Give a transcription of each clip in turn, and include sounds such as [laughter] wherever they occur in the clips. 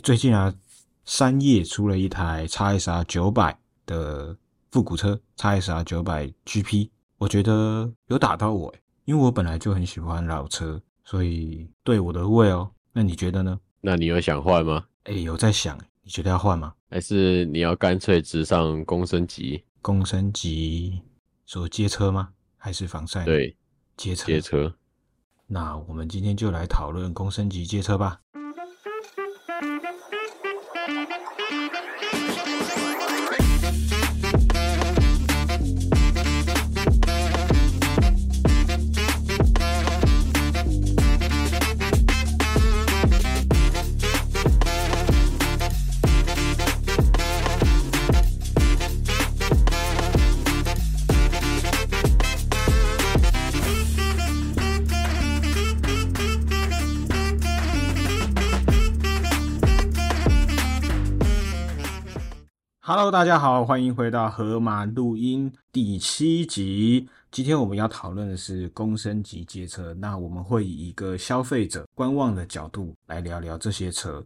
最近啊，三葉出了一台 XSR900 的復古車，XSR900GP，我覺得有打到我，欸，因為我本來就很喜歡老車，所以對我的胃哦。那你覺得呢？那你有想換嗎？哎，欸，有在想。你覺得要換嗎？還是你要乾脆直上公升級？公升級，說街車嗎？還是仿賽？對，街車。街車。那我們今天就來討論公升級街車吧。Hello，大家好，歡迎回到河馬錄音第七集。今天我們要討論的是公升級街車，那我們會以一個消費者觀望的角度來聊聊這些車。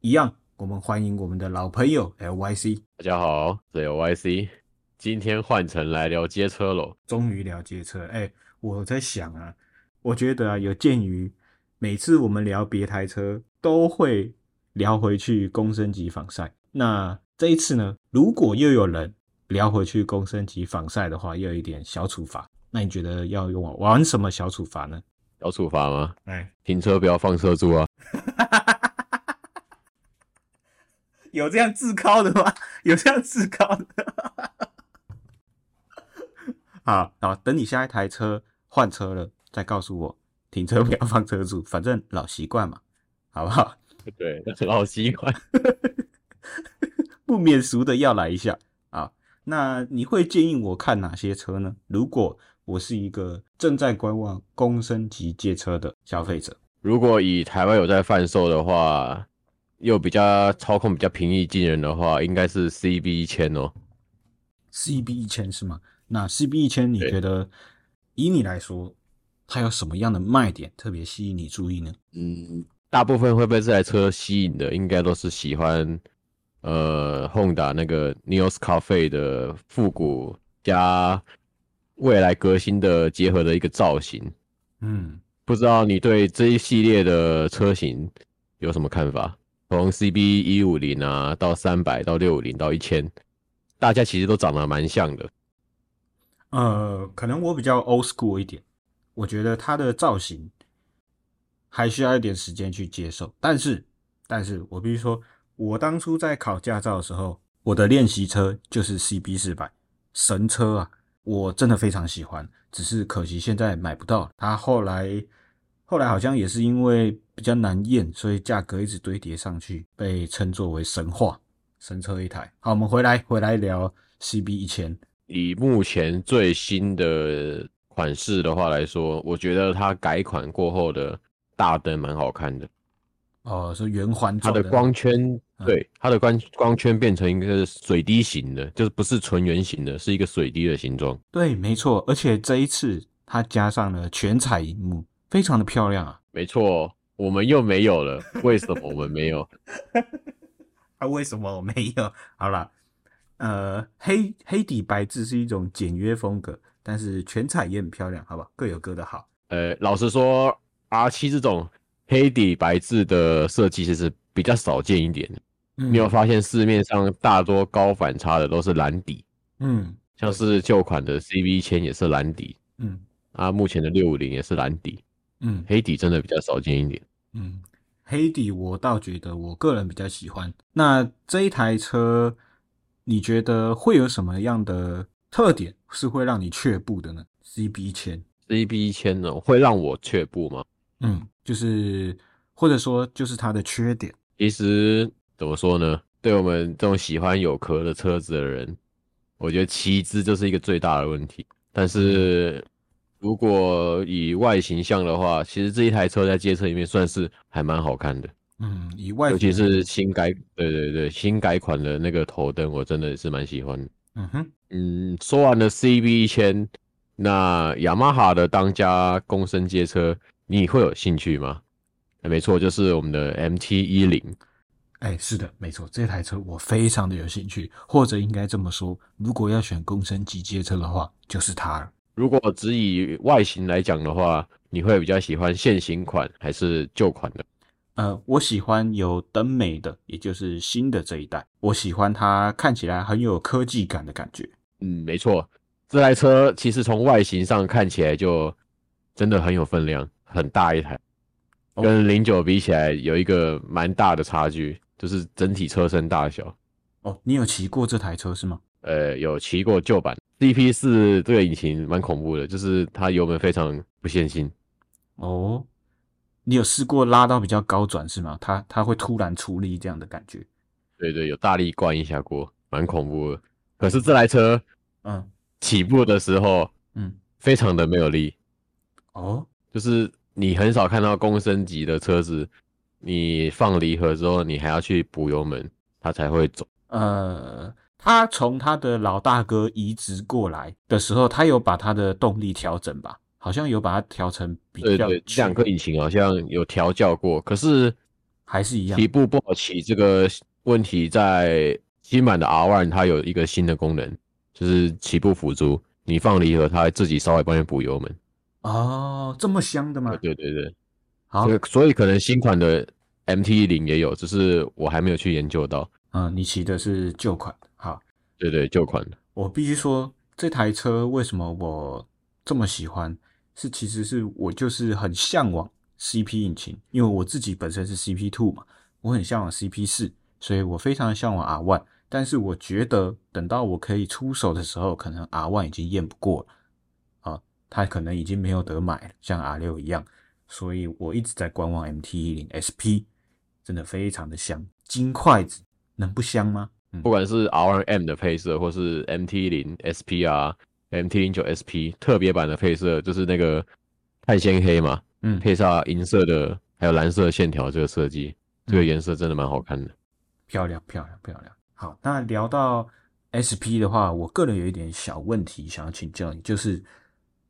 一樣，我們歡迎我們的老朋友 LYC。大家好，這 LYC，今天換成來聊街車嘍。終於聊街車，哎，我在想啊，我覺得啊，有鑒於每次我們聊別台車，都會聊回去公升級仿賽，那。這一次呢，如果又有人聊回去公升級仿賽的話，又有一點小處罰。那你覺得要用我玩什麼小處罰呢？小處罰嗎？哎，停車不要放車柱啊！ [laughs] 有這樣自誇的嗎？有這樣自誇的？好，好，等你下一台車換車了，再告訴我停車不要放車柱。反正老習慣嘛，好不好？對，老習慣。 [laughs] 不免俗的要來一下啊！那你會建議我看哪些車呢？如果我是一個正在觀望公升級街車的消費者，如果以台灣有在販售的話，又比較操控比較平易近人的話，應該是 CB1000 哦。CB1000 是嗎？那 CB1000 你覺得以你來說，對它有什麼樣的賣點特別吸引你注意呢？嗯，大部分會被這台車吸引的，對應該都是喜歡。呃，Honda 那個 Neos Cafe 的復古加未來革新的結合的一個造型，嗯，不知道你對這一系列的車型有什麼看法？從 CB 一五零啊到三百到六五零到一千，大家其實都長得蠻像的。呃，可能我比較 old school 一點，我覺得它的造型還需要一點時間去接受，但是，但是我必須說。我當初在考駕照的時候，我的練習車就是 CB 四百神車啊，我真的非常喜歡，只是可惜現在買不到。它後來後來好像也是因為比較難驗，所以價格一直堆疊上去，被稱作為神話神車一台。好，我們回來回來聊 CB 1000，以目前最新的款式的話來說，我覺得它改款過後的大燈蠻好看的。哦，是圓環，它的光圈。對，它的光光圈變成一個水滴形的，就是不是純圓形的，是一個水滴的形狀。嗯。對，沒錯，而且這一次它加上了全彩熒幕，非常的漂亮啊。沒錯，我們又沒有了，為什麼我們沒有？ [laughs] 啊，為什麼我沒有？好啦。呃，黑黑底白字是一種簡約風格，但是全彩也很漂亮，好吧，各有各的好。呃，老實說，R7 這種黑底白字的設計其實比較少見一點。你有發現市面上大多高反差的都是藍底，嗯，像是舊款的 CB 一千也是藍底，嗯，啊，目前的六五零也是藍底，嗯，黑底真的比較少見一點，嗯，黑底我倒覺得我個人比較喜歡。那這一台車，你覺得會有什麼樣的特點是會讓你卻步的呢？CB 一千，CB 一千呢會讓我卻步嗎？嗯，就是或者說就是它的缺點，其實。怎麼說呢？對我們這種喜歡有殼的車子的人，我覺得騎姿就是一個最大的問題。但是，如果以外形象的話，其實這一台車在街車裡面算是還蠻好看的。嗯，以外的，尤其是新改，對對對，新改款的那個頭燈，我真的是蠻喜歡。嗯哼，嗯，說完了 CB1000，那雅馬哈的當家公升街車，你會有興趣嗎？欸、沒錯，就是我們的 MT10。哎，是的，沒錯，這台車我非常的有興趣，或者應該這麼說，如果要選公升級街車的話，就是它了。如果只以外形來講的話，你會比較喜歡現行款還是舊款的？呃，我喜歡有燈美的，也就是新的這一代，我喜歡它看起來很有科技感的感覺。嗯，沒錯，這台車其實從外形上看起來就真的很有分量，很大一台，跟零九比起來有一個蠻大的差距。哦就是整體車身大小哦，你有騎過這台車是嗎？呃，有騎過舊版 D p 四，這個引擎蠻恐怖的，就是它油門非常不限性。哦，你有試過拉到比較高轉是嗎？它它會突然出力這樣的感覺。對對，有大力關一下過，蠻恐怖的。可是這台車，嗯，起步的時候，嗯，非常的沒有力。哦，就是你很少看到公升級的車子。你放離合之後，你還要去補油門，它才會走。呃，它從它的老大哥移植過來的時候，它有把它的動力調整吧？好像有把它調成比較。對，對對，這兩個引擎好像有調教過，可是還是一樣。起步不好起這個問題，在新版的 R One 它有一個新的功能，就是起步輔助。你放離合，它會自己稍微幫你補油門。哦，這麼香的嗎？對，對對對。好，所以可能新款的 M T 一零也有，只是我還沒有去研究到。嗯，你騎的是舊款，好，對對，舊款。我必須說，這台車為什麼我這麼喜歡，是其實是我就是很向往 C P 引擎，因為我自己本身是 C P two 嘛，我很向往 C P 四，所以我非常向往 R one，但是我覺得等到我可以出手的時候，可能 R one 已經驗不過了，啊，他可能已經沒有得買，像 R 六一樣。所以我一直在觀望 M T 一零 S P，真的非常的香，金筷子能不香嗎？嗯，不管是 R M 的配色，或是 M T 一零 S P 啊，M T 零九 S P 特別版的配色，就是那個碳纖黑嘛，嗯，配上銀色的，還有藍色的線條這個設計，這個顏色真的蠻好看的，漂亮漂亮漂亮。好，那聊到 S P 的話，我個人有一點小問題想要請教你，就是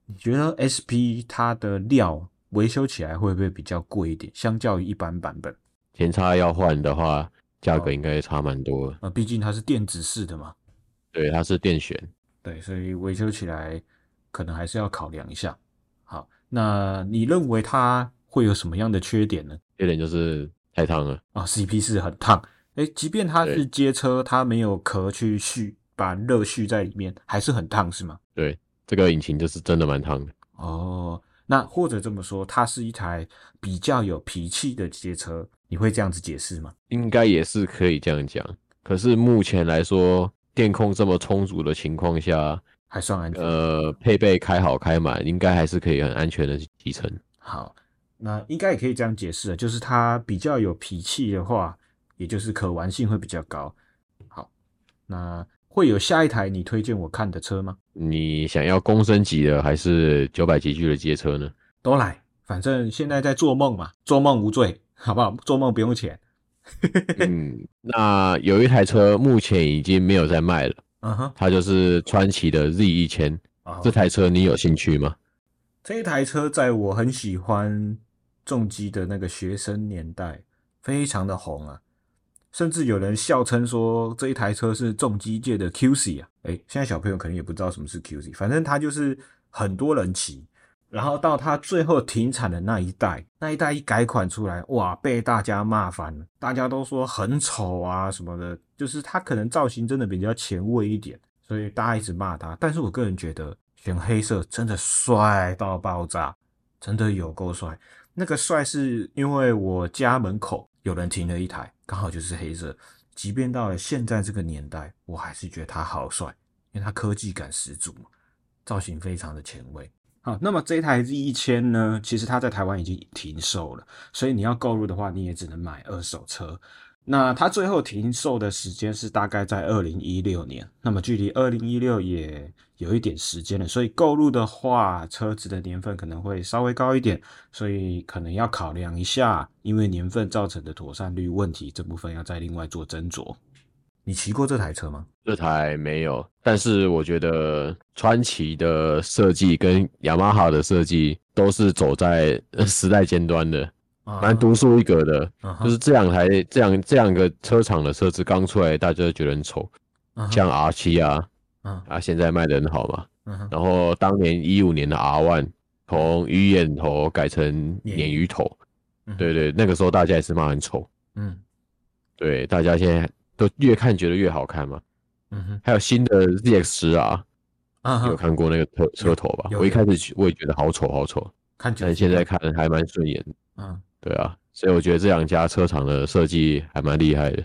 你覺得 S P 它的料？維修起來會不會比較貴一點？相較於一般版本，前叉要換的話，價格應該差蠻多的。啊、哦，畢竟它是電子式的嘛。對，它是電懸。對，所以維修起來可能還是要考量一下。好，那你認為它會有什麼樣的缺點呢？缺點就是太燙了啊、哦、！CP4 很燙、欸。即便它是街車，它對沒有殼去蓄把熱蓄在裡面，還是很燙，是嗎？對，這個引擎就是真的蠻燙的。哦。那或者這麼說，它是一台比較有脾氣的街車，你會這樣子解釋嗎？應該也是可以這樣講。可是目前來說，電控這麼充足的情況下，還算安全。呃，配備開好開滿，應該還是可以很安全的騎乘。好，那應該也可以這樣解釋的，就是它比較有脾氣的話，也就是可玩性會比較高。好，那。會有下一台你推薦我看的車嗎？你想要公升級的還是九百級距的街車呢？都來，反正現在在做夢嘛，做夢無罪，好不好？做夢不用錢。 [laughs] 嗯，那有一台車目前已經沒有在賣了，嗯哼、uh，huh. 它就是川崎的 Z 一千，uh huh. 這台車你有興趣嗎？這一台車在我很喜歡重機的那個學生年代，非常的紅啊。甚至有人笑稱說這一台車是重機界的 QC 啊！哎、欸，現在小朋友可能也不知道什麼是 QC，反正它就是很多人騎。然後到它最後停產的那一代，那一代一改款出來，哇，被大家罵翻了。大家都說很醜啊什麼的，就是它可能造型真的比較前衛一點，所以大家一直罵它。但是我個人覺得選黑色真的帥到爆炸，真的有夠帥。那個帥是因為我家門口。有人停了一台，剛好就是黑色。即便到了現在這個年代，我還是覺得它好帥，因為它科技感十足嘛，造型非常的前衛。好，那麼這一台 Z1000 呢，其實它在台灣已經停售了，所以你要購入的話，你也只能買二手車。那它最後停售的時間是大概在二零一六年，那麼距離二零一六也有一點時間了，所以購入的話，車子的年份可能會稍微高一點，所以可能要考量一下，因為年份造成的妥善率問題，這部分要再另外做斟酌。你騎過這台車嗎？這台沒有，但是我覺得川崎的設計跟雅馬哈的設計都是走在時代尖端的。蠻獨樹一格的，就是這兩台、這兩、這兩個車廠的車子剛出來，大家都覺得很醜，像 R 七啊，啊，現在賣得很好嘛。然後當年一五年的 R one 從魚眼頭改成鯰魚頭，對對，那個時候大家也是罵很醜，嗯，對，大家現在都越看覺得越好看嘛。嗯哼，還有新的 Z X 十啊，有看過那個車車頭吧？我一開始我也覺得好醜好醜，看起來，但現在看還蠻順眼。嗯。對啊，所以我覺得這兩家車廠的設計還蠻厲害的。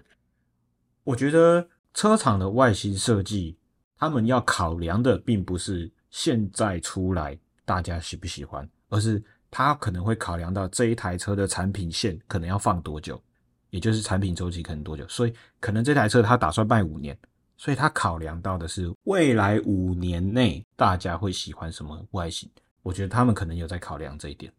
我覺得車廠的外形設計，他們要考量的並不是現在出來大家喜不喜歡，而是他可能會考量到這一台車的產品線可能要放多久，也就是產品周期可能多久。所以可能這台車他打算賣五年，所以他考量到的是未來五年內大家會喜歡什麼外形。我覺得他們可能有在考量這一點。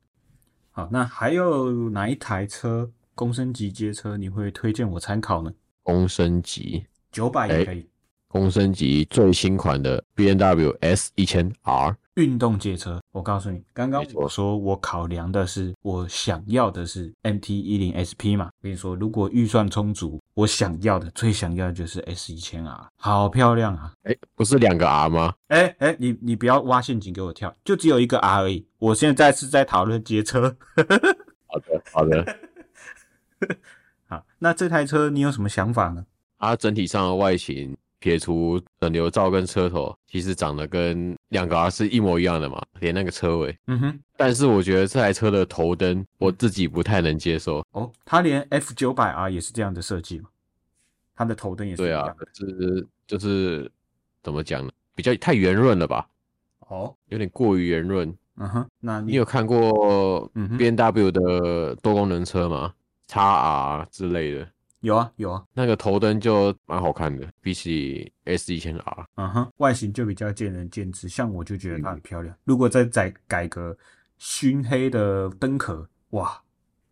好，那還有哪一台車公升級街車，你會推薦我參考呢？公升級，九百也可以。欸公升級最新款的 B M W S 一千 R 運動街車，我告訴你，剛剛錯我說我考量的是，我想要的是 M T 一零 S P 嘛。跟你說，如果預算充足，我想要的，最想要的就是 S 一千 R，好漂亮啊！哎，不是兩個 R 嗎？哎哎，你你不要挖陷阱給我跳，就只有一個 R 而已。我現在是在討論街車。 [laughs] 好。好的好的， [laughs] 好，那這台車你有什麼想法呢？它、啊、整體上的外形。撇除整流罩跟車頭，其實長得跟兩個 R 是一模一樣的嘛，連那個車尾。嗯哼，但是我覺得這台車的頭燈，我自己不太能接受。哦，它連 F900R 也是這樣的設計嘛。它的頭燈也是這樣的。對啊，是就是、就是、怎麼講呢？比較太圓潤了吧？哦，有點過於圓潤。嗯哼，那你，你有看過 BMW 的多功能車嗎、嗯、哼？XR 之類的。有啊有啊，有啊，那個頭燈就蠻好看的，比起 S1000R，嗯哼，uh、huh, 外形，就比較見仁見智。像我就覺得它很漂亮，嗯、如果再改改個燻黑的燈殼，哇，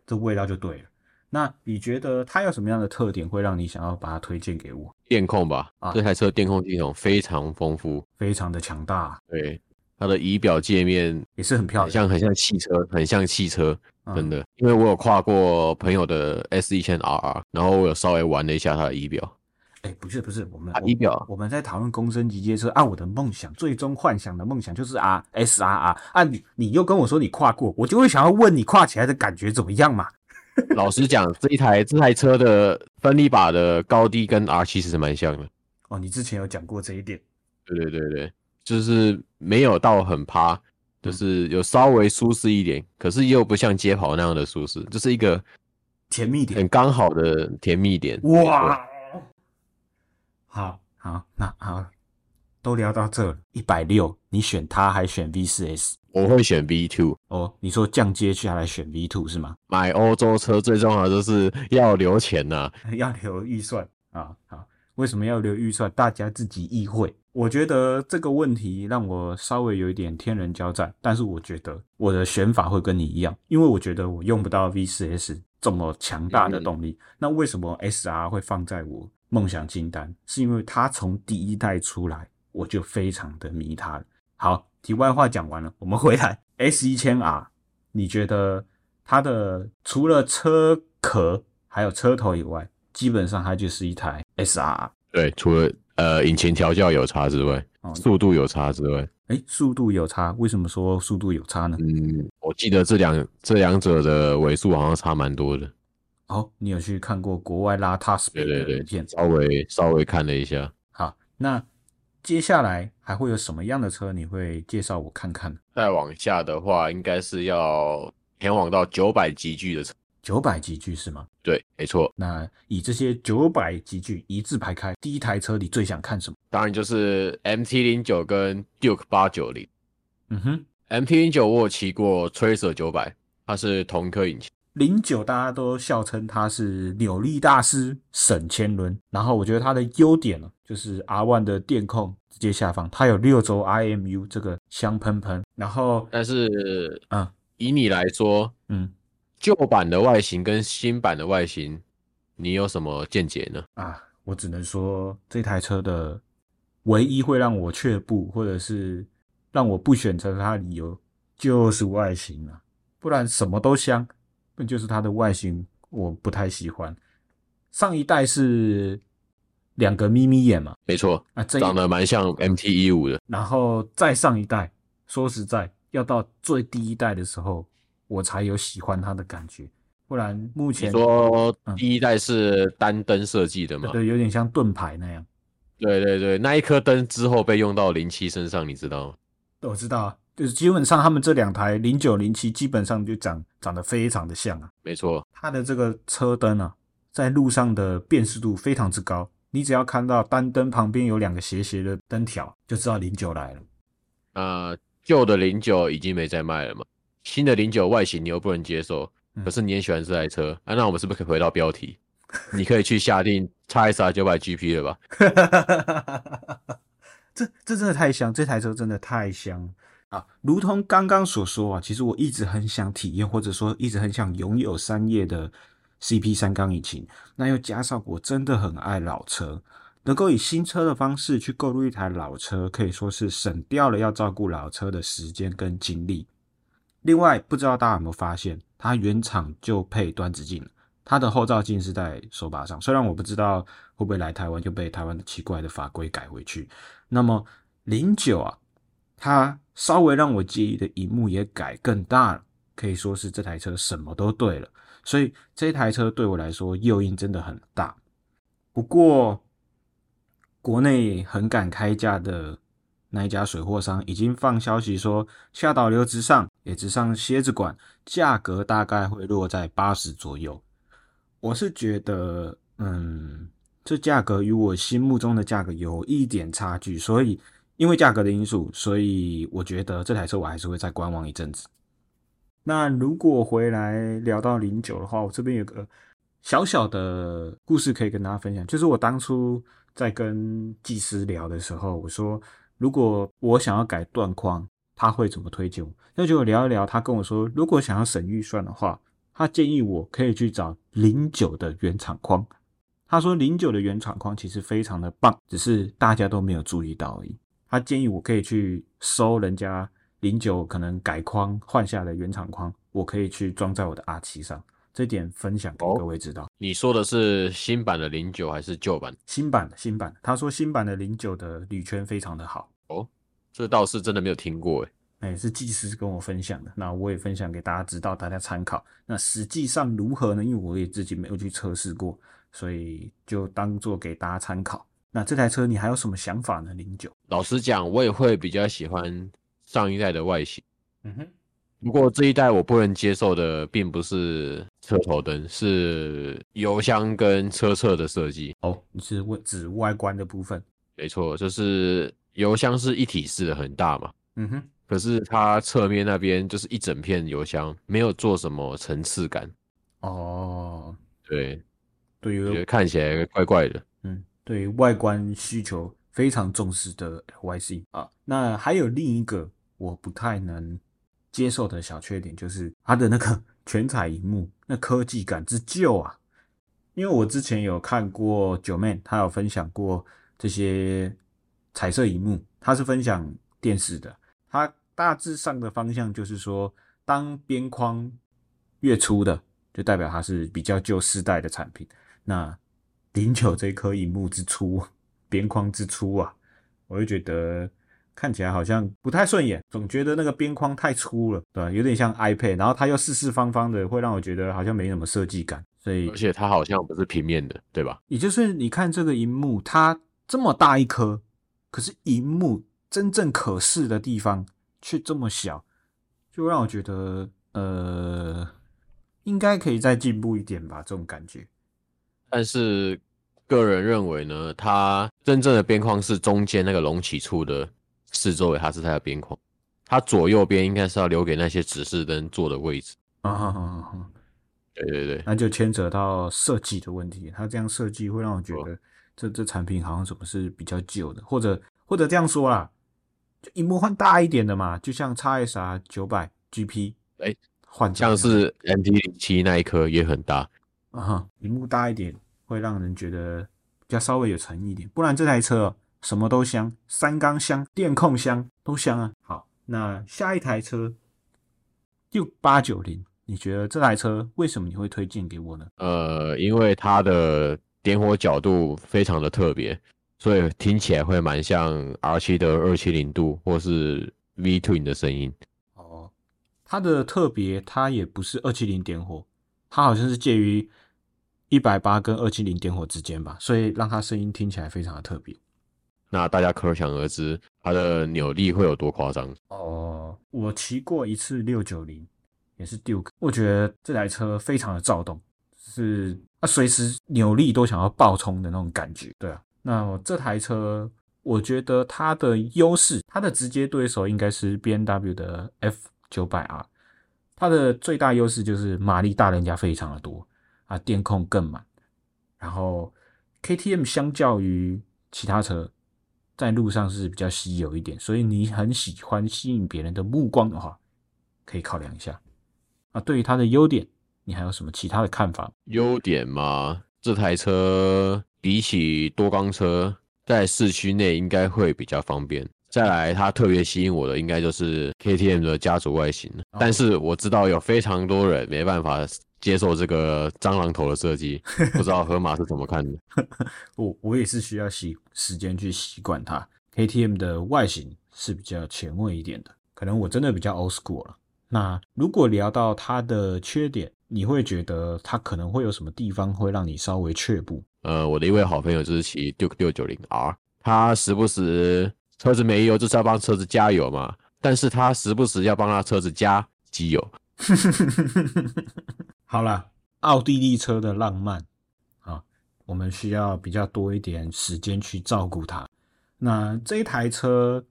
這味道就對了。那你覺得它有什麼樣的特點會讓你想要把它推薦給我？電控吧，啊，uh, 這台車電控系統非常豐富，非常的強大。對，它的儀表界面也是很漂亮，很像很像汽車，很像汽車。真的，嗯、因為我有跨過朋友的 S 一千 RR，然後我有稍微玩了一下他的儀表。哎、欸，不是不是，我們儀表，啊、我，我們在討論公升級街車。按、啊、我的夢想，最終幻想的夢想就是 R SRR 啊，你你又跟我說你跨過，我就會想要問你跨起來的感覺怎麼樣嘛？ [laughs] 老實講，這一台這台車的分離把的高低跟 R 七是蠻像的。哦，你之前有講過這一點。對對對對，就是沒有到很趴。就是有稍微舒適一點，可是又不像街跑那樣的舒適，就是一個甜蜜點，很剛好的甜蜜點。蜜點。對，哇，好好，那好，都聊到這了，一百六，你選它還選 V 四 S？我會選 V two 哦。Oh, 你說降階下來選 V two 是嗎？買歐洲車最重要就是要留錢吶，啊，要留預算啊。好。好為什麼要留預算？大家自己意會。我覺得這個問題讓我稍微有一點天人交戰，但是我覺得我的選法會跟你一樣，因為我覺得我用不到 V4S 這麼強大的動力。那為什麼 SR 會放在我夢想清單？是因為它從第一代出來我就非常的迷它了。好，題外話講完了，我們回來。S1000R，你覺得它的除了車殼還有車頭以外，基本上它就是一台。s r SR 對，除了呃引擎調教有差之外，哦、速度有差之外，哎，速度有差，為什麼說速度有差呢？嗯，我記得這兩這兩者的尾速好像差蠻多的。哦，你有去看過國外拉塔斯的影片。對對對，稍微稍微看了一下。好，那接下來還會有什麼樣的車你會介紹我看看？再往下的話，應該是要前往到九百級距的車。九百級距是嗎？對，沒錯。那以這些九百級距一字排開，第一台車你最想看什麼？當然就是 M T 零九跟 Duke 八九零。嗯哼，M T 零九我騎過，Tracer 九百，它是同一顆引擎。零九大家都笑稱它是扭力大師，省前輪。然後我覺得它的優點呢，就是 R1 的電控直接下放，它有六軸 I M U 這個香噴噴。然後，但是嗯，以你來說，嗯。舊版的外形跟新版的外形，你有什麼見解呢？啊，我只能說，這台車的唯一會讓我卻步，或者是讓我不選擇它的理由，就是外形啊，不然什麼都香，那就是它的外形我不太喜歡。上一代是兩個眯眯眼嘛。啊？沒錯，啊、這，長得蠻像 MT-15 的。然後再上一代，說實在，要到最低一代的時候，我才有喜歡它的感覺，不然目前你說第一代是單燈設計的嘛，嗯、對、對、對，有點像盾牌那樣。對對對，那一顆燈之後被用到零七身上，你知道嗎？對，我知道啊，就是基本上他們這兩台零九零七基本上就長長得非常的像啊。沒錯，它的這個車燈啊，在路上的辨識度非常之高，你只要看到單燈旁邊有兩個斜斜的燈條，就知道零九來了。呃，舊的零九已經沒在賣了嘛。新的零九外形，你又不能接受，可是你也喜歡這台車、嗯、啊？那我們是不是可以回到標題？ [laughs] 你可以去下定 XSR 900GP 了吧？哈哈哈哈哈哈，這這真的太香，這台車真的太香啊！如同剛剛所說啊，其實我一直很想體驗，或者說一直很想擁有三葉的 CP 三缸引擎。那又加上我真的很愛老車，能夠以新車的方式去購入一台老車，可以說是省掉了要照顧老車的時間跟精力。另外，不知道大家有沒有發現，它原廠就配端子鏡，它的後照鏡是在手把上。雖然我不知道會不會來台灣就被台灣的奇怪的法規改回去。那麼零九啊，它稍微讓我介意的螢幕也改更大了，可以說是這台車什麼都對了。所以這台車對我來說誘因真的很大。不過，國內很敢開價的。那一家水貨商已經放消息說，下導流直上，也直上蠍子管，價格大概會落在八十左右。我是覺得，嗯，這價格與我心目中的價格有一點差距，所以因為價格的因素，所以我覺得這台車我還是會再觀望一陣子。那如果回來聊到零九的話，我這邊有個小小的故事可以跟大家分享，就是我當初在跟技師聊的時候，我說。如果我想要改斷框，他會怎麼推薦我？那就聊一聊。他跟我說，如果想要省預算的話，他建議我可以去找零九的原廠框。他說零九的原廠框其實非常的棒，只是大家都沒有注意到而已。他建議我可以去收人家零九可能改框換下的原廠框，我可以去裝在我的 R7 上。這點分享給各位知道。哦，你說的是新版的零九還是舊版？新版的，新版的。他說新版的零九的鋁圈非常的好。哦，這倒是真的沒有聽過，誒誒、欸、是技師跟我分享的，那我也分享給大家知道，大家參考。那實際上如何呢？因為我也自己沒有去測試過，所以就當做給大家參考。那這台車你還有什麼想法呢？零九，老實講，我也會比較喜歡上一代的外形。嗯哼，不過這一代我不能接受的並不是車頭燈是油箱跟車側的設計。哦，你是問指外觀的部分？沒錯，就是油箱是一體式的，很大嘛。嗯哼。可是它側面那邊就是一整片油箱，沒有做什麼層次感。哦，對，對於於看起來怪怪的。嗯，對於外觀需求非常重視的 YC 啊。那還有另一個我不太能接受的小缺點，就是它的那個全彩熒幕那科技感之舊啊，因為我之前有看過 Joeman，他有分享過這些彩色熒幕他是分享電視的，他大致上的方向就是說，當邊框越粗的，就代表它是比較舊世代的產品。那零九這一顆熒幕之粗、邊框之粗啊，我就覺得。看起來好像不太順眼，總覺得那個邊框太粗了，對啊，有點像 iPad，然後它又四四方方的，會讓我覺得好像沒什麼設計感，所以，而且它好像不是平面的，對吧？也就是你看這個熒幕，它這麼大一顆，可是熒幕真正可視的地方卻這麼小，就讓我覺得呃，應該可以再進步一點吧，這種感覺。但是個人認為呢，它真正的邊框是中間那個隆起處的。四周圍還是它的邊框，它左右邊應該是要留給那些指示燈做的位置。啊，哈哈哈，對對對， [music] 那就牽扯到設計的問題。它這樣設計會讓我覺得這這產品好像什麼是比較舊的，或者或者這樣說啦，就熒幕換大一點的嘛，就像 XSR900GP，哎，像是 MT 七那一顆也很大。啊，熒幕大一點會讓人覺得比較稍微有誠意一點，不然這台車、喔。什麼都香，三缸香、電控香都香啊。好，那下一台車就八九零，你覺得這台車為什麼你會推薦給我呢？呃，因為它的點火角度非常的特別，所以聽起來會蠻像 R 七的二七零度，或是 V twin 的聲音。哦，它的特別，它也不是二七零點火，它好像是介於一百八跟二七零點火之間吧，所以讓它聲音聽起來非常的特別。那大家可想而知，它的扭力會有多誇張哦！Oh, 我騎過一次六九零，也是 Duke，我覺得這台車非常的躁動，是啊，隨時扭力都想要爆衝的那種感覺。對啊，那我這台車，我覺得它的優勢，它的直接對手應該是 BMW 的 F 九百 R，它的最大優勢就是馬力大，人家非常的多啊，電控更滿，然後 KTM 相較於其他車。在路上是比較稀有一點，所以你很喜歡吸引別人的目光的話，可以考量一下。啊，對於它的優點，你還有什麼其他的看法？優點嘛，這台車比起多缸車，在市區內應該會比較方便。再來，它特別吸引我的應該就是 K T M 的家族外形，但是我知道有非常多人沒辦法接受這個蟑螂頭的設計，不知道河馬是怎麼看的 [laughs] 我？我我也是需要些時間去習慣它。K T M 的外形是比較前衛一點的，可能我真的比較 old school 了。那如果聊到它的缺點，你會覺得它可能會有什麼地方會讓你稍微卻步？呃，我的一位好朋友就是騎 Duke 六九零 R，他時不時。車子沒油就是要幫車子加油嘛，但是他時不時要幫他車子加機油。 [laughs] 好啦，奧地利車的浪漫啊，我們需要比較多一點時間去照顧它。那這一台車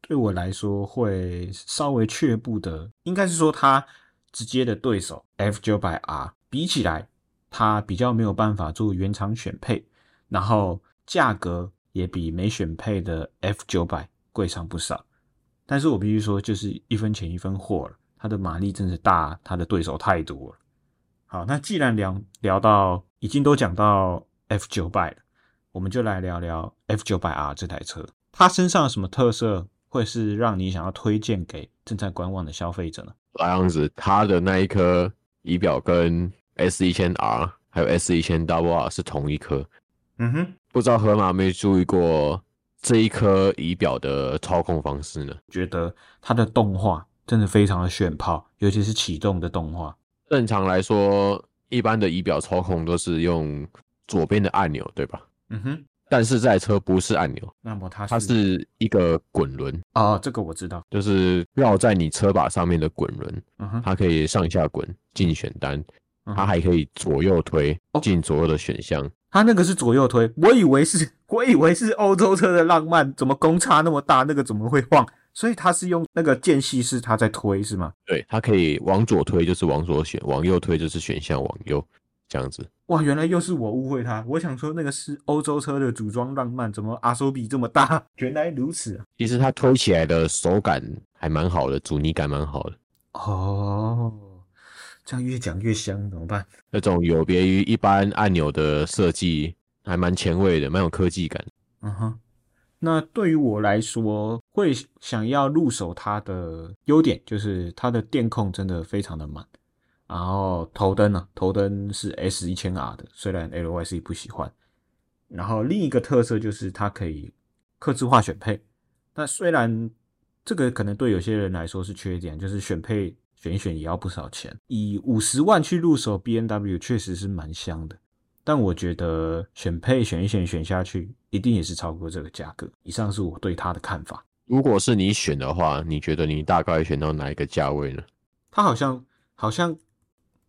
對我來說會稍微卻步的，應該是說它直接的對手 F900R 比起來，它比較沒有辦法做原廠選配，然後價格，也比沒選配的 F 900貴上不少，但是我必須說，就是一分錢一分貨了。它的馬力真的是大，它的對手太多了。好，那既然聊聊到已經都講到 F 900了，我們就來聊聊 F 900R 這台車，它身上有什麼特色，會是讓你想要推薦給正在觀望的消費者呢？這樣子，它的那一顆儀表跟 S 1000R 還有 S 1000RR 是同一顆，嗯哼。不知道河馬沒有注意過這一顆儀表的操控方式呢？覺得它的動畫真的非常的炫炮，尤其是啟動的動畫。正常來說，一般的儀表操控都是用左邊的按鈕，對吧？嗯哼。但是這台車不是按鈕，那麼它它是一個滾輪啊，這個我知道，就是繞在你車把上面的滾輪，嗯哼，它可以上下滾，進選單。它還可以左右推進左右的選項，哦，它那個是左右推，我以為是，我以為是歐洲車的浪漫，怎麼公差那麼大？那個怎麼會晃？所以它是用那個間隙是它在推是嗎？對，它可以往左推就是往左選，往右推就是選項往右這樣子。哇，原來又是我誤會它。我想說那個是歐洲車的組裝浪漫，怎麼阿收比這麼大？原來如此啊。其實它推起來的手感還蠻好的，阻尼感蠻好的。哦。像越講越香，怎麼辦？那種有別於一般按鈕的設計，還蠻前衛的，蠻有科技感。嗯哼、uh，huh. 那對於我來說，會想要入手它的優點，就是它的電控真的非常的滿。然後頭燈呢，啊，頭燈是 S 一千 R 的，雖然 LYC 不喜歡。然後另一個特色就是它可以客製化選配。那雖然這個可能對有些人來說是缺點，就是選配。選一選也要不少錢，以五十萬去入手 BMW 確實是蠻香的，但我覺得選配選一選選下去，一定也是超過這個價格。以上是我對它的看法。如果是你選的話，你覺得你大概選到哪一個價位呢？它好像好像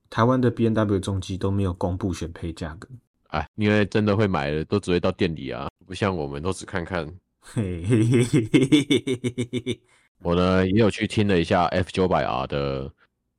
台灣的 BMW 重機都沒有公布選配價格。哎，因為真的會買的都只會到店裡啊，不像我們都只看看。 [laughs] 我呢也有去聽了一下 F 900R 的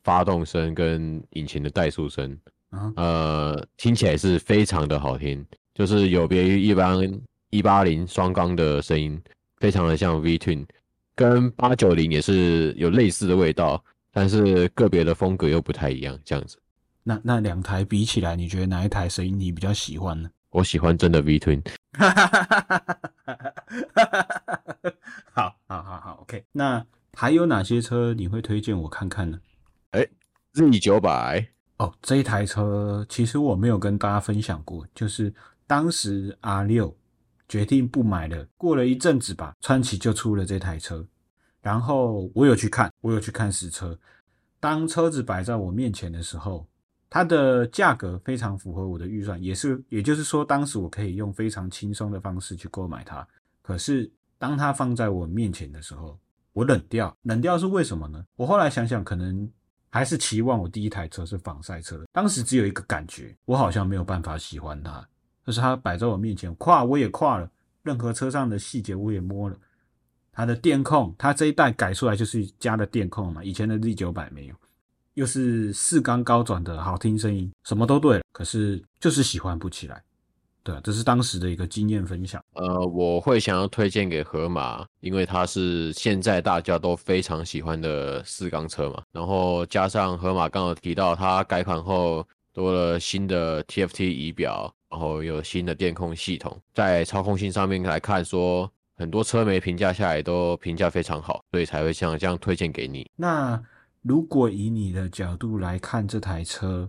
發動聲跟引擎的怠速聲，啊、呃，聽起來是非常的好聽，就是有別於一般一八零雙缸的聲音，非常的像 V Twin，跟八九零也是有類似的味道，但是個別的風格又不太一樣，這樣子。那那兩台比起來，你覺得哪一台聲音你比較喜歡呢？我喜歡真的 V Twin。哈，哈哈哈哈哈，好好好好，OK。那還有哪些車你會推薦我看看呢？哎，Z 900哦，這一台車其實我沒有跟大家分享過，就是當時阿六決定不買了，過了一陣子吧，川崎就出了這台車，然後我有去看，我有去看試車，當車子擺在我面前的時候。它的價格非常符合我的預算，也是，也就是說，當時我可以用非常輕鬆的方式去購買它。可是，當它放在我面前的時候，我冷掉，冷掉是為什麼呢？我後來想想，可能還是期望我第一台車是仿賽車的。當時只有一個感覺，我好像沒有辦法喜歡它。可、就是它擺在我面前，跨我也跨了，任何車上的細節我也摸了，它的電控，它這一代改出來就是加了電控嘛，以前的 Z 九百沒有。又是四缸高轉的好聽聲音，什麼都對了，可是就是喜歡不起來。對，這是當時的一個經驗分享。呃，我會想要推薦給河馬，因為它是現在大家都非常喜歡的四缸車嘛。然後加上河馬剛剛提到，它改款後多了新的 TFT 儀表，然後有新的電控系統，在操控性上面來看說，說很多車媒評價下來都評價非常好，所以才會像這樣推薦給你。那。如果以你的角度來看這台車，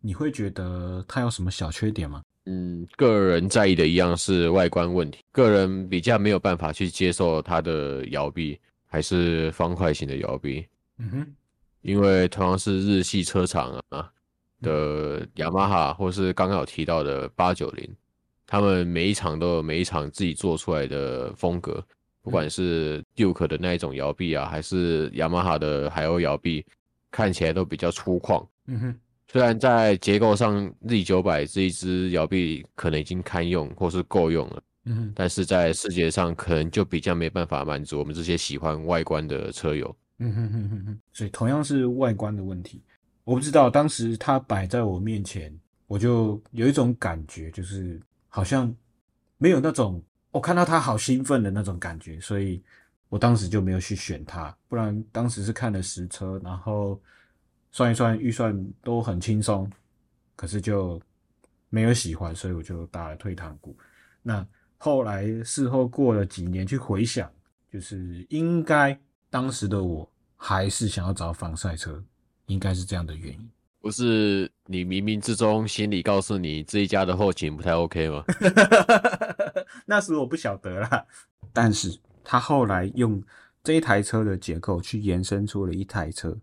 你會覺得它有什麼小缺點嗎？嗯，個人在意的一樣是外觀問題，個人比較沒有辦法去接受它的搖臂，還是方塊型的搖臂。嗯哼，因為同樣是日系車廠啊，的雅馬哈，或是剛剛有提到的八九零，他們每一廠都有每一廠自己做出來的風格。不管是 Duke 的那一種搖臂啊，還是 Yamaha 的海鷗搖臂，看起來都比較粗獷。嗯哼，雖然在結構上，Z 九百這一只搖臂可能已經堪用，或是夠用了。嗯哼，但是在視覺上，可能就比較沒辦法滿足我們這些喜歡外觀的車友。嗯哼哼哼哼，所以同樣是外觀的問題，我不知道當時它擺在我面前，我就有一種感覺，就是好像沒有那種。我、哦、看到他好興奮的那種感覺，所以我當時就沒有去選他。不然當時是看了實車，然後算一算預算都很輕鬆，可是就沒有喜歡，所以我就打了退堂鼓。那後來事後過了幾年去回想，就是應該當時的我還是想要找仿賽車，應該是這樣的原因。不是你冥冥之中心裡告訴你這一家的後勤不太 OK 嗎？哈哈哈，那時我不曉得啦， [laughs] 但是他後來用這一台車的結構去延伸出了一台車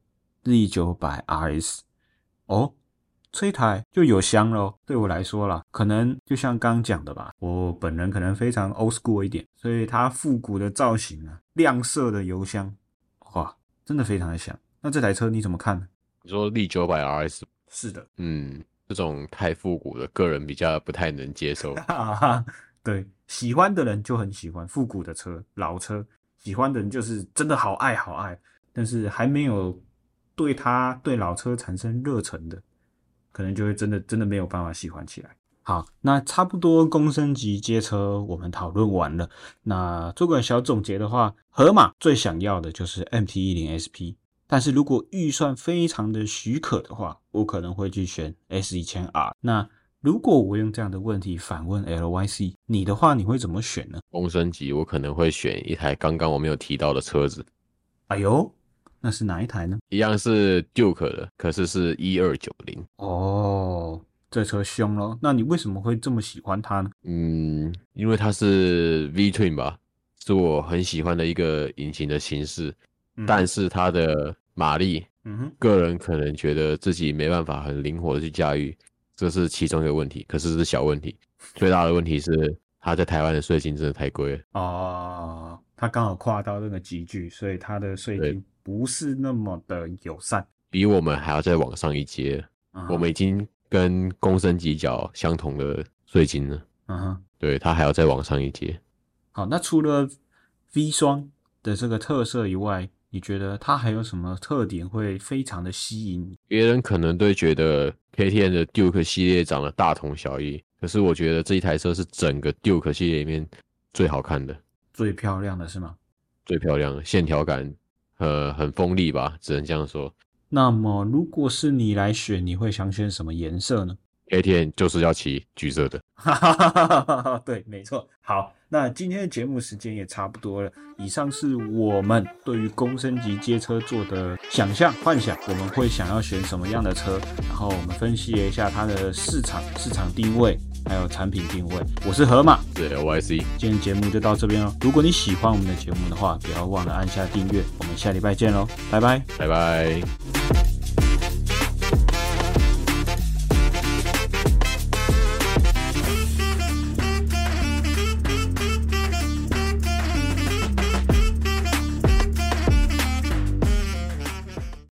，Z900RS。哦，這一台就有香咯，對我來說啦，可能就像剛講的吧。我本人可能非常 old school 一點，所以它復古的造型啊，亮色的油箱，哇，真的非常的香。那這台車你怎麼看呢？你說力九百 RS 是的，嗯，這種太復古的，個人比較不太能接受。 [laughs] 對，喜歡的人就很喜歡復古的車、老車。喜歡的人就是真的好愛好愛，但是還沒有對他對老車產生熱忱的，可能就會真的真的沒有辦法喜歡起來。好，那差不多公升級街車我們討論完了。那做個小總結的話，河馬最想要的就是 MT 一零 SP。但是如果預算非常的許可的話，我可能會去選 S1000R。那如果我用這樣的問題反問 LYC 你的話，你會怎麼選呢？公升級我可能會選一台剛剛我沒有提到的車子。哎呦，那是哪一台呢？一樣是 Duke 的，可是是一二九零。哦，這車兇咯，那你為什麼會這麼喜歡它呢？嗯，因為它是 V Twin 吧，是我很喜歡的一個引擎的形式。但是它的馬力，嗯、哼個人可能覺得自己沒辦法很靈活的去駕馭，這是其中一個問題。可是這是小問題，最大的問題是它在台灣的稅金真的太貴了啊！它剛、哦、好跨到那個級距，所以它的稅金對不是那麼的友善，比我們還要再往上一階，嗯、哼我們已經跟公升級繳相同的稅金了。嗯哼，對，它還要再往上一階。好，那除了 V 雙的這個特色以外，你覺得它還有什麼特點會非常的吸引你？別人可能都會覺得 KTM 的 Duke 系列長得大同小異，可是我覺得這一台車是整個 Duke 系列裡面最好看的。最漂亮的是嗎？最漂亮的，線條感，呃，很鋒利吧，只能這樣說。那麼如果是你來選，你會想選什麼顏色呢？KTM 就是要騎橘色的，哈哈哈哈哈哈，對，沒錯，好。那今天的節目時間也差不多了。以上是我們對於公升級街車做的想象幻想，我們會想要選什麼樣的車，然後我們分析了一下它的市場市場定位，還有產品定位。我是河馬，是 LYC，今天節目就到這邊了。如果你喜歡我們的節目的話，不要忘了按下訂閱。我們下禮拜見嘍，拜拜，拜拜。